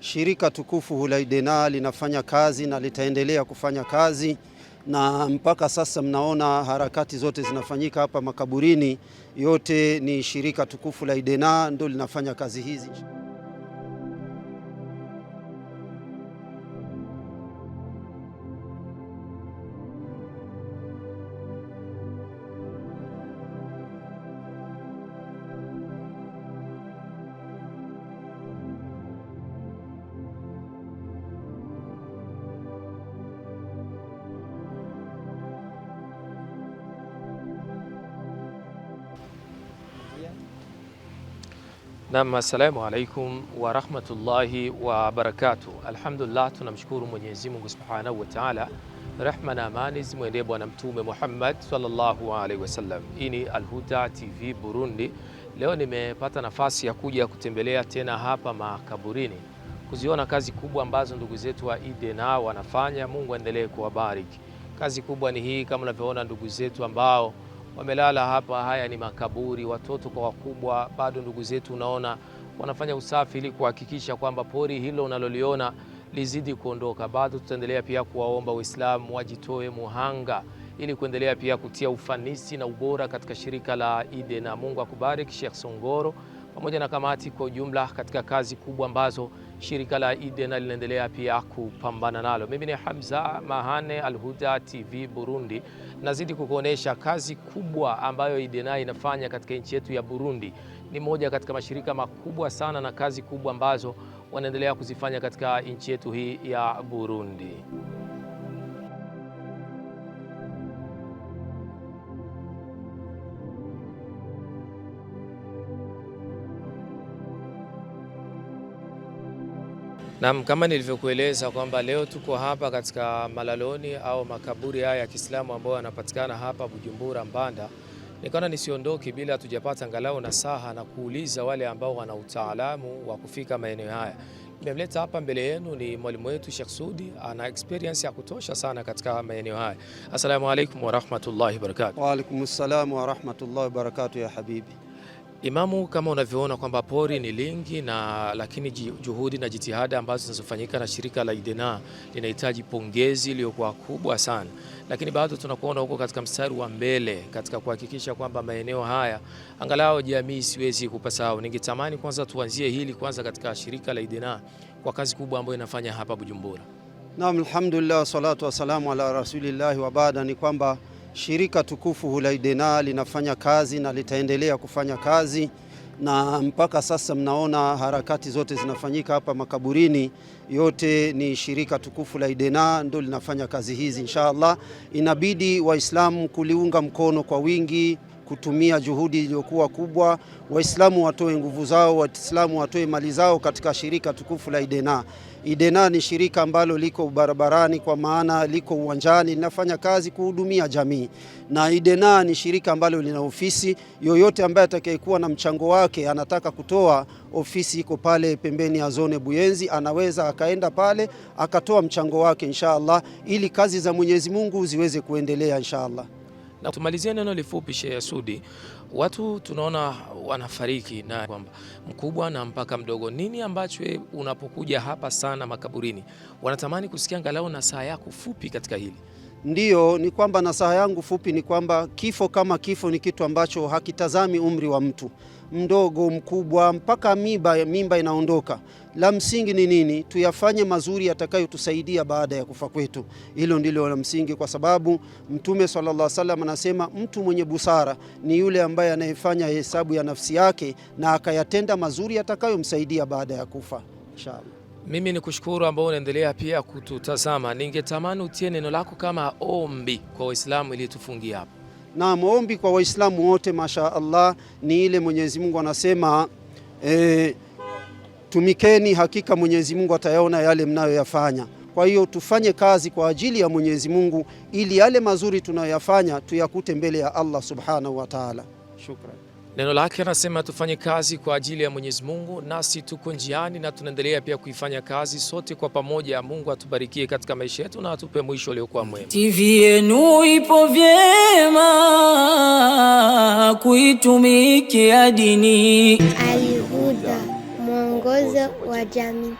Shirika tukufu Hulaidena linafanya kazi na litaendelea kufanya kazi, na mpaka sasa mnaona harakati zote zinafanyika hapa makaburini, yote ni shirika tukufu la Idena ndio linafanya kazi hizi. Nam, assalamu alaikum warahmatullahi barakatuh. Alhamdulillah, tunamshukuru Mwenyezi Mungu subhanahu wa taala, rehma na amani zimwendee Bwana Mtume Muhammad sallallahu alaihi wasallam. Hii ni Alhuda TV Burundi. Leo nimepata nafasi ya kuja kutembelea tena hapa makaburini kuziona kazi kubwa ambazo ndugu zetu wa IDENA wanafanya. Mungu aendelee kuwabariki. Kazi kubwa ni hii, kama unavyoona ndugu zetu ambao wamelala hapa. Haya ni makaburi, watoto kwa wakubwa. Bado ndugu zetu, unaona wanafanya usafi ili kuhakikisha kwamba pori hilo unaloliona lizidi kuondoka. Bado tutaendelea pia kuwaomba Waislamu wajitoe muhanga ili kuendelea pia kutia ufanisi na ubora katika shirika la Ide, na Mungu akubariki Sheikh Songoro pamoja na kamati kwa ujumla katika kazi kubwa ambazo shirika la IDENA linaendelea pia kupambana nalo. Mimi ni Hamza Mahane, Alhuda TV Burundi. Nazidi kukuonesha kazi kubwa ambayo IDENA inafanya katika nchi yetu ya Burundi. Ni moja katika mashirika makubwa sana na kazi kubwa ambazo wanaendelea kuzifanya katika nchi yetu hii ya Burundi. Naam, kama nilivyokueleza kwamba leo tuko hapa katika malaloni au makaburi haya ya Kiislamu ambayo yanapatikana hapa Bujumbura Mbanda. Nikaona nisiondoki bila tujapata angalau na saha na kuuliza wale ambao wana utaalamu wa kufika maeneo haya. Nimemleta hapa mbele yenu ni mwalimu wetu Sheikh Sudi, ana experience ya kutosha sana katika maeneo haya. Assalamu alaykum wa rahmatullahi wa barakatuh. Wa alaykum assalam wa rahmatullahi wa barakatuh ya habibi. Imamu, kama unavyoona kwamba pori ni lingi na lakini juhudi na jitihada ambazo zinazofanyika na shirika la IDENA linahitaji pongezi iliyokuwa kubwa sana, lakini bado tunakuona huko katika mstari wa mbele katika kuhakikisha kwamba maeneo haya angalau jamii siwezi kupasahau. Ningetamani kwanza tuanzie hili kwanza katika shirika la IDENA kwa kazi kubwa ambayo inafanya hapa Bujumbura. Naam, alhamdulillah wassalatu wassalamu ala rasulillahi wa baada ni kwamba Shirika tukufu Hulaidena linafanya kazi na litaendelea kufanya kazi, na mpaka sasa mnaona harakati zote zinafanyika hapa makaburini. Yote ni shirika tukufu la Idena ndio linafanya kazi hizi. Insha Allah inabidi Waislamu kuliunga mkono kwa wingi kutumia juhudi iliyokuwa kubwa. Waislamu watoe nguvu zao, Waislamu watoe mali zao katika shirika tukufu la Idena. Idena ni shirika ambalo liko barabarani, kwa maana liko uwanjani, linafanya kazi kuhudumia jamii, na Idena ni shirika ambalo lina ofisi. Yoyote ambaye atakayekuwa na mchango wake anataka kutoa, ofisi iko pale pembeni ya Zone Buyenzi, anaweza akaenda pale akatoa mchango wake inshallah, ili kazi za Mwenyezi Mungu ziweze kuendelea inshallah. Na tumalizia neno lifupi Sheikh Yasudi, watu tunaona wanafariki na kwamba mkubwa na mpaka mdogo. Nini ambacho unapokuja hapa sana makaburini, wanatamani kusikia angalau na saa yako fupi katika hili? Ndiyo, ni kwamba nasaha yangu fupi ni kwamba kifo kama kifo ni kitu ambacho hakitazami umri wa mtu mdogo, mkubwa, mpaka mimba, mimba inaondoka. La msingi ni nini? Tuyafanye mazuri yatakayotusaidia baada ya kufa kwetu. Hilo ndilo la msingi, kwa sababu Mtume sallallahu alaihi wasallam anasema mtu mwenye busara ni yule ambaye anayefanya hesabu ya nafsi yake na akayatenda mazuri yatakayomsaidia baada ya kufa, inshallah. Mimi ni kushukuru ambao unaendelea pia kututazama. Ningetamani utie neno lako kama ombi kwa Waislamu ili tufungie hapo. Naam, ombi kwa Waislamu wote masha Allah ni ile Mwenyezi Mungu anasema e, tumikeni, hakika Mwenyezi Mungu atayaona yale mnayoyafanya. Kwa hiyo tufanye kazi kwa ajili ya Mwenyezi Mungu ili yale mazuri tunayoyafanya tuyakute mbele ya Allah subhanahu wa taala. Shukran. Neno lake anasema tufanye kazi kwa ajili ya Mwenyezi Mungu, nasi tuko njiani na tunaendelea pia kuifanya kazi sote kwa pamoja. Mungu atubarikie katika maisha yetu na atupe mwisho uliokuwa mwema. TV yenu ipo vyema kuitumikia dini. Al mwongozo wa jamii.